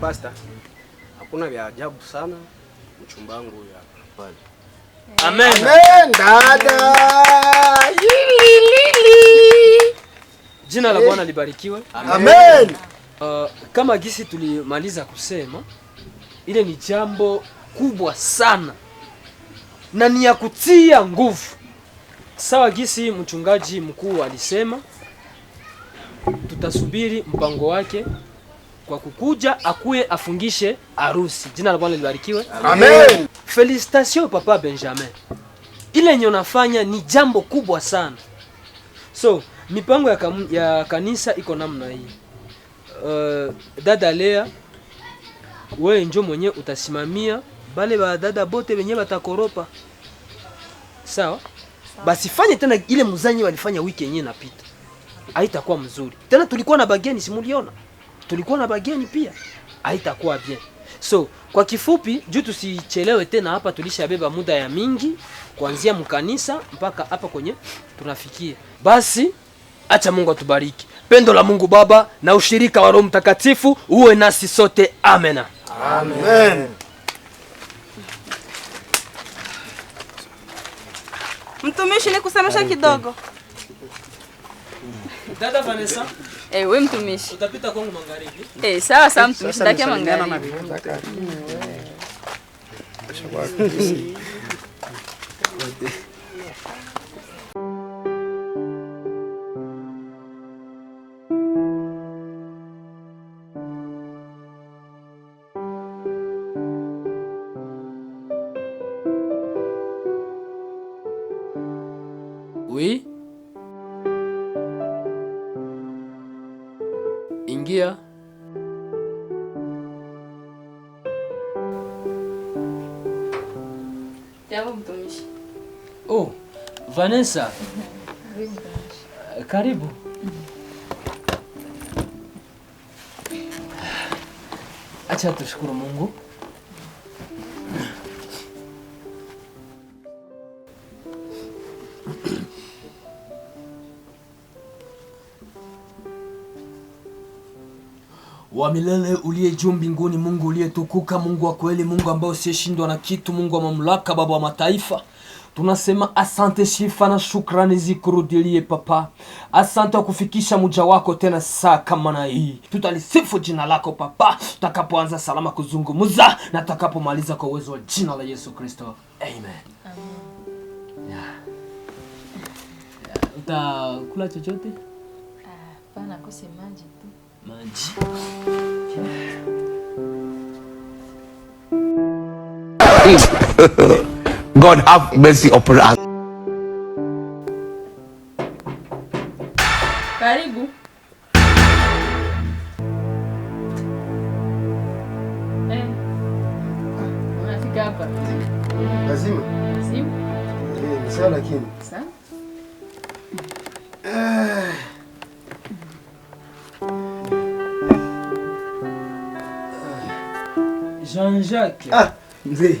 Pasta, hakuna vya ajabu sana mchumba wangu huyu hapa. Amen. Amen, dada. Jina la eh. Bwana libarikiwe. Amen. Uh, kama gisi tulimaliza kusema ile ni jambo kubwa sana na ni ya kutia nguvu. Sawa gisi mchungaji mkuu alisema, tutasubiri mpango wake kwa kukuja akuye afungishe harusi. Jina la Bwana libarikiwe. Amen. Felicitation Papa Benjamin, ile yenye unafanya ni jambo kubwa sana. So mipango ya, kam, ya kanisa iko namna hii. Uh, dada Lea, wewe njo mwenye utasimamia bale ba dada bote wenye batakoropa sawa. Basi fanye tena ile muzanyi walifanya wiki yenyewe inapita, haitakuwa mzuri tena. Tulikuwa na bageni, simuliona tulikuwa na bageni pia, haitakuwa bien. So kwa kifupi, juu tusichelewe tena, hapa tulishabeba muda ya mingi kuanzia mkanisa mpaka hapa kwenye tunafikia. Basi acha Mungu atubariki. Pendo la Mungu Baba na ushirika wa Roho Mtakatifu uwe nasi sote. Amena, amen, amen. Mtumishi, nikusemesha kidogo. Dada Vanessa. Eh, wewe mtumishi. Utapita kwangu magharibi. Eh, sawa sawa eh, mtumishi, ndakia magharibi. Oh, Vanessa. Karibu. Acha tushukuru Mungu. wa milele uliye juu mbinguni, Mungu uliyetukuka, Mungu wa kweli, Mungu ambao usiyeshindwa na kitu, Mungu wa mamlaka, Baba wa mataifa tunasema asante, Shifa na shukrani zikurudilie Papa. Asante wa kufikisha muja wako tena saa kama na hii, tutalisifu jina lako Papa tutakapoanza salama kuzungumza na tutakapomaliza kwa uwezo wa jina la Yesu Kristo, amen, amen. Utakula chochote? Hapana, kose maji tu. Maji. Yeah. God have mercy upon us. Eh, eh, eh. ah. Jean-Jacques. Ah, mzee.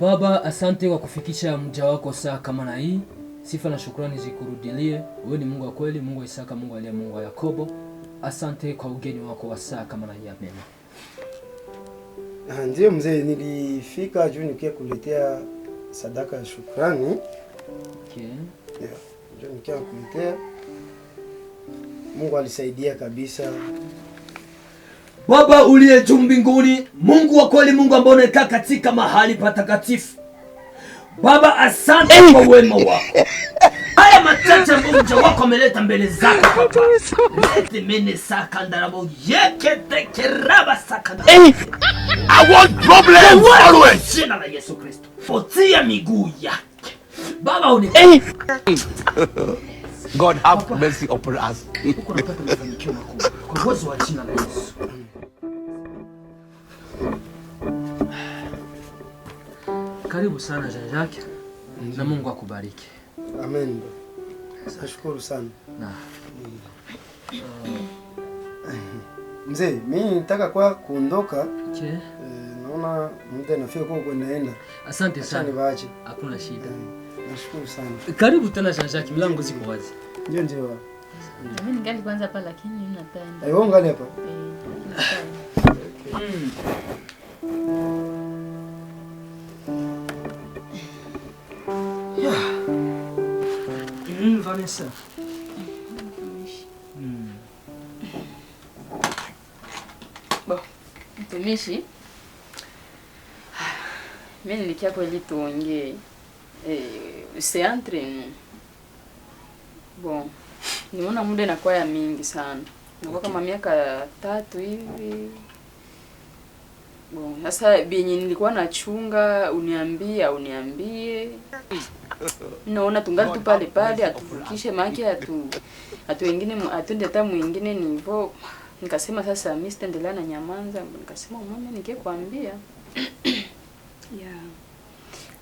Baba, asante kwa kufikisha mja wako saa kama na hii. Sifa na shukrani zikurudilie. Wewe ni Mungu wa kweli, Mungu wa Isaka, Mungu aliye Mungu wa Yakobo. Asante kwa ugeni wako wa saa kama na hii ya mema. Ah, ndiyo mzee, nilifika juu nikia kuletea sadaka ya shukrani. Okay. Yeah. Juu nikia kuletea. Mungu alisaidia kabisa. Baba uliye juu mbinguni, Mungu wa kweli, Mungu ambaye unakaa katika mahali patakatifu. Baba, asante kwa wema wako. Haya machache ambayo mja wako ameleta mbele zako Baba. Lete mene saka ndarabo yeke teke raba saka. ndarabo. I want problems always. Jina la Yesu Kristo. Fotia miguu yake. Baba uni. God have mercy upon us. Kwa uwezo wa jina la Yesu. Karibu sana Jean Jacques mm-hmm. na Mungu akubariki. Amen. Nashukuru sana na. Uh, mzee, mimi nitaka kwa kuondoka. Okay. E, naona muda nafika kwa kuendaenda. Asante sana. Asante Niwaache. Hakuna shida. E, nashukuru sana. Karibu tena Jean Jacques, mlango ziko wazi. Ndio ndio. Mimi ningali kwanza hapa lakini mimi napenda. Eh, wewe ngali hapa? Eh. 했어요. 음. Hmm. Bon, mtumishi, mi nilikia kweli tuongee, c'est eh, entre nous. Bon, niona muda inakuwa ya mingi sana, nakuwa kama miaka tatu hivi. Bon, sasa benye nilikuwa nachunga, uniambie au niambie naona tungali tu pale pale, atuvukishe maki atu atu wengine atende hata mwingine ni hivyo. Nikasema sasa mimi sitaendelea na nyamanza, nikasema nike kuambia yeah.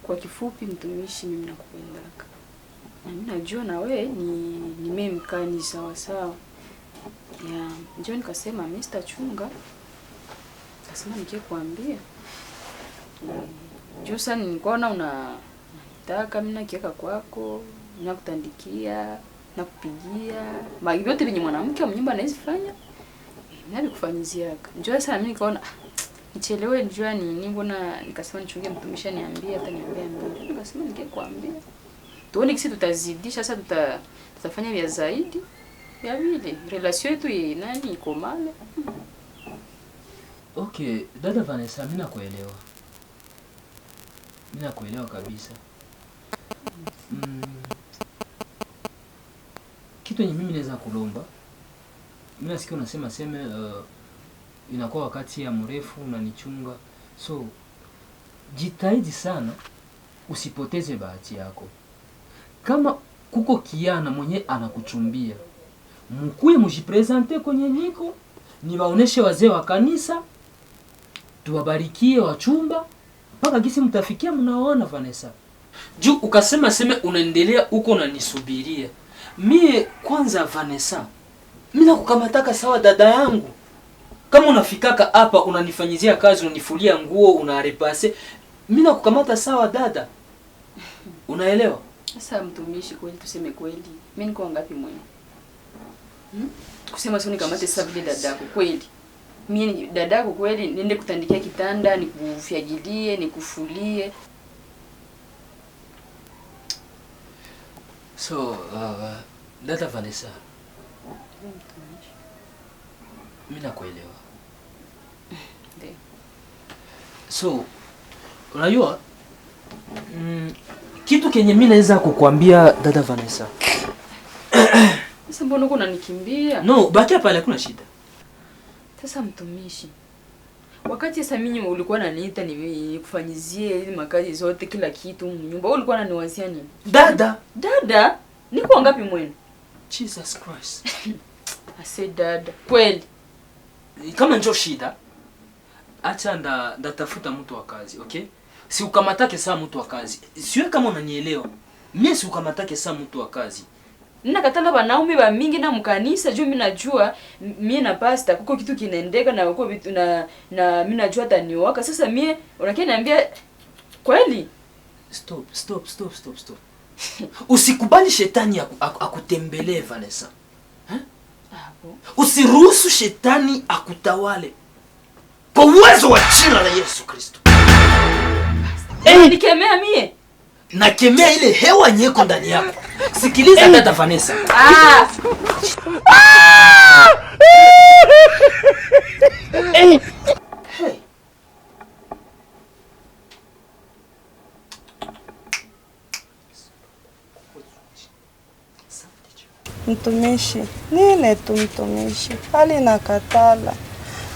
Kwa kifupi, mtumishi, mimi nakupendaka na mimi najua na we ni ni mimi mkani sawa sawa, yeah. Njoo nikasema mimi sitachunga, nikasema nike ningekwambia juu sana nilikuwa una unavitaka, mimi nakiweka kwako, mimi nakutandikia, nakupigia. mimi yote ni mwanamke mnyumba anaweza fanya. Eh, mimi kufanyiziaka. Njoo sasa mimi nikaona ah, nichelewe njua ni nini, mbona nikasema nichunge mtumishi aniambie hata niambie mbona. Nikasema nige kuambia. Tuone kisi tutazidisha sasa tuta, tutafanya vya zaidi ya vile relation yetu ye nani iko male. Okay, dada Vanessa, mimi nakuelewa. Mimi nakuelewa kabisa. Mm. kitu ni mimi naweza kulomba, mimi nasikia unasema seme, uh, inakuwa wakati ya mrefu unanichunga, so jitahidi sana usipoteze bahati yako. Kama kuko kiana mwenye anakuchumbia, mkuye mujipresente kwenye niko ni waoneshe wazee wa kanisa, tuwabarikie wachumba mpaka gisi mtafikia, mnaona Vanessa juu ukasema seme unaendelea uko unanisubiria mie. Kwanza Vanessa, mimi nakukamataka sawa dada yangu, kama unafikaka hapa unanifanyizia kazi, unanifulia nguo, unarepase, mimi nakukamata sawa dada, unaelewa? Sasa mtumishi, kweli tuseme kweli, mimi niko ngapi mwenye hmm? kusema sio nikamate sasa vile dadako kweli mimi dadako kweli, niende kutandikia kitanda, nikufyagilie, nikufulie So, uh, dada Vanessa, mimi nakuelewa. Ndio. So, unajua mm, kitu kenye mimi naweza kukuambia dada Vanessa. Sasa mbona uko unanikimbia? No, baki hapa, hakuna shida. Sasa mtumishi Wakati Samini ulikuwa unaniita nikufanyizie makazi zote kila kitu nyumba, ulikuwa naniwazia nini? Dada, dada, niko ngapi mwenu? Jesus Christ. I said dada. Kweli. Kama njoo shida, acha nda ndatafuta mtu wa kazi, okay? Si ukamatake saa mtu wa kazi. Siwe kama unanielewa. mie si ukamatake saa mtu wa kazi. Nina katala banaume mingi na mkanisa juu minajua mie na pasta kuko kitu kinaendeka na kuko vitu na na minajua taniwaka. Sasa mie unakia niambia kweli? Stop, stop, stop, stop, stop. Usikubali shetani akutembelee aku, aku Vanessa. Usiruhusu shetani akutawale. Kwa uwezo wa jina la Yesu Kristo. Eh, nikemea mie nakemea ile hewa nyeko ndani yako. Sikiliza dada Vanessa. Ah. Mtumishi, nile tu mtumishi, hali na katala,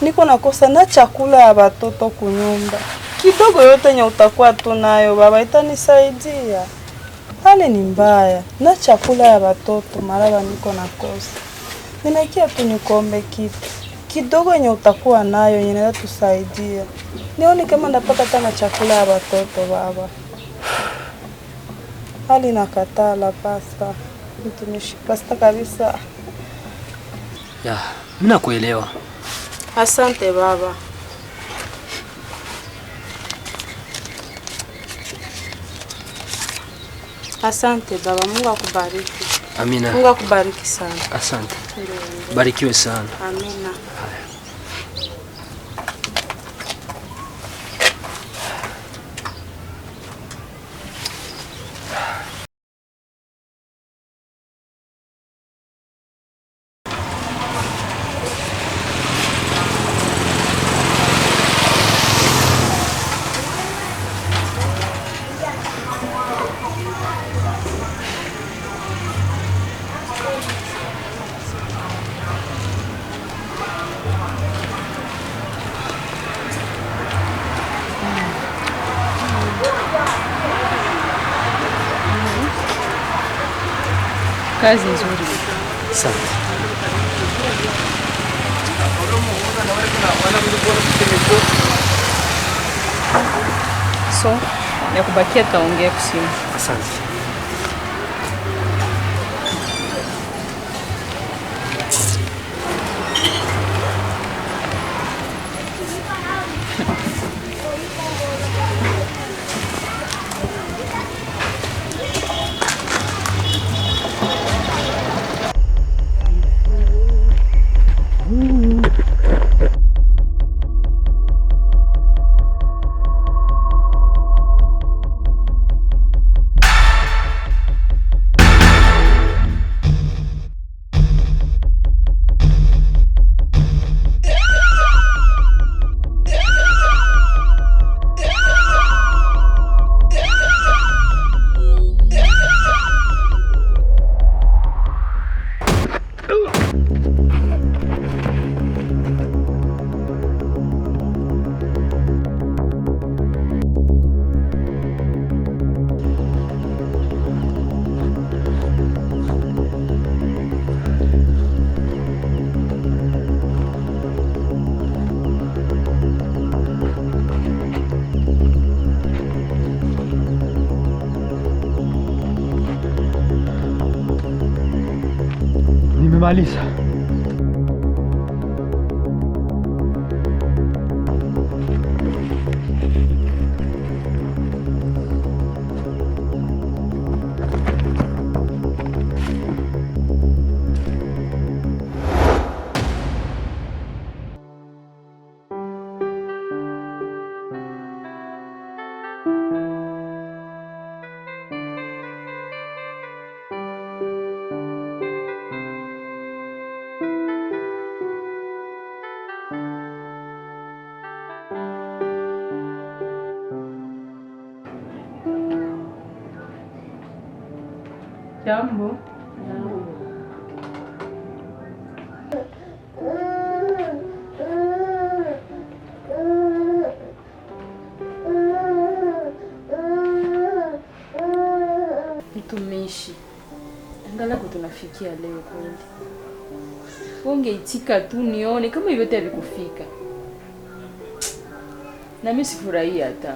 niko nakosa na chakula ya watoto kunyumba kidogo yote nye utakuwa tu nayo baba, itanisaidia. Hali ni mbaya na chakula ya watoto maraba niko nakosa, ninaikia tu nikombe kitu kidogo yenye utakuwa nayo yenye tusaidia, nioni kama ndapata tena chakula ya watoto baba. Hali nakatala pasta mtumishi, pasta kabisa ya, mimi nakuelewa. Asante baba. Asante baba, Mungu akubariki. Amina. Mungu akubariki sana. Asante. Barikiwe sana. Amina. Kazi nzuri né, com So, ya kubakia taongea kusimu. Asante. görmeliyiz. Jambo. Mtumishi, angalau tunafikia leo kweli. Ungeitika tu nione kama hivyote havikufika, na mimi sifurahia hata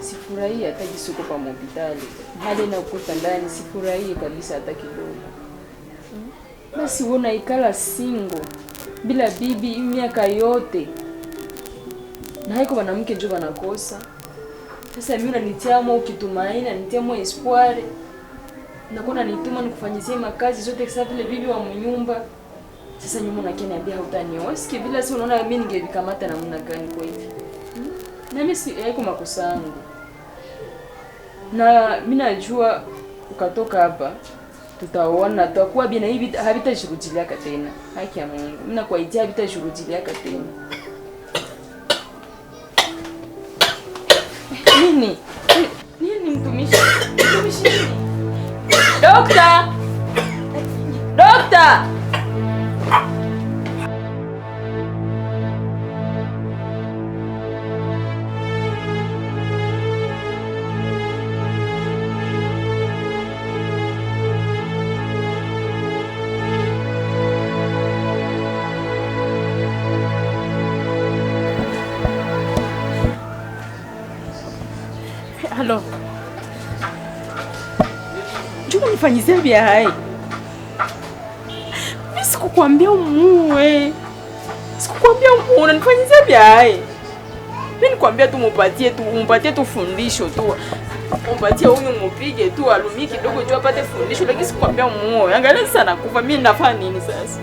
Sifurahii hata jisuko kwa pa hospitali, hali nakuta ndani, sifurahii kabisa hata kidogo. Basi wewe unaikala singo bila bibi miaka yote, na haiko wanamke njo wanakosa. Sasa mimi unanitiamo ukitumaini, nanitiamo espoir, nakuwa nanituma nikufanyizie makazi zote kisa vile bibi wa mnyumba. Sasa nyuma unakiambia hautaniosiki bila, si unaona mimi ningevikamata namna gani kwa hivi na mimi si yako makosa yangu, na mimi najua ukatoka hapa tutaona tutakuwa bina hivi, havitajirudiliaka katena. Haki ya Mungu, mimi nakuaidia havitajirudiliaka katena. Nini nini, mtumishi mtumishi, dokta kufanyizia vya hai. Mimi sikukwambia umuue, sikukwambia umuue, unanifanyizia vya hai. Mimi nikwambia tu mupatie tu, mupatie tu fundisho tu, mupatie huyu, mupige tu alumii kidogo juu apate fundisho, lakini sikwambia umuue. Angalia sasa nakufa mimi, nafanya nini sasa?